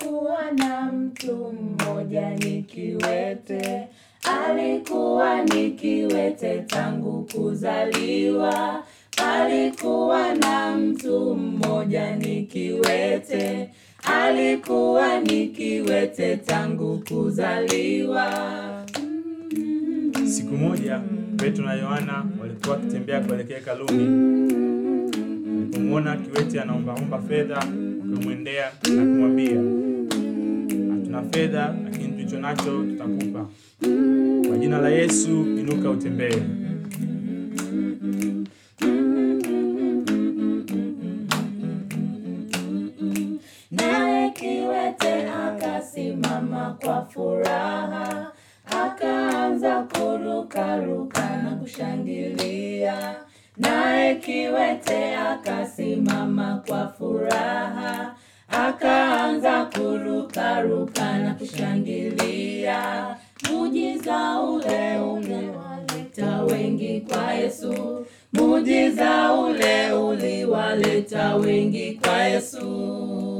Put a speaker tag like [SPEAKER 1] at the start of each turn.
[SPEAKER 1] alikuwa na mtu mmoja ni kiwete, alikuwa ni kiwete tangu kuzaliwa. Alikuwa na mtu mmoja ni
[SPEAKER 2] kiwete, alikuwa ni kiwete tangu kuzaliwa. Siku moja Petro na Yohana walikuwa wakitembea kuelekea hekaluni. Walipomwona kiwete anaombaomba fedha, wakamwendea na kumwambia fedha, lakini tulicho nacho tutakupa. Kwa jina la Yesu, inuka utembee.
[SPEAKER 1] Naye kiwete akasimama kwa furaha, akaanza kurukaruka na kushangilia. Naye kiwete akasimama kwa furaha kurukaruka na kushangilia mujiza ule umewaleta wengi kwa Yesu mujiza ule uliwaleta wengi kwa Yesu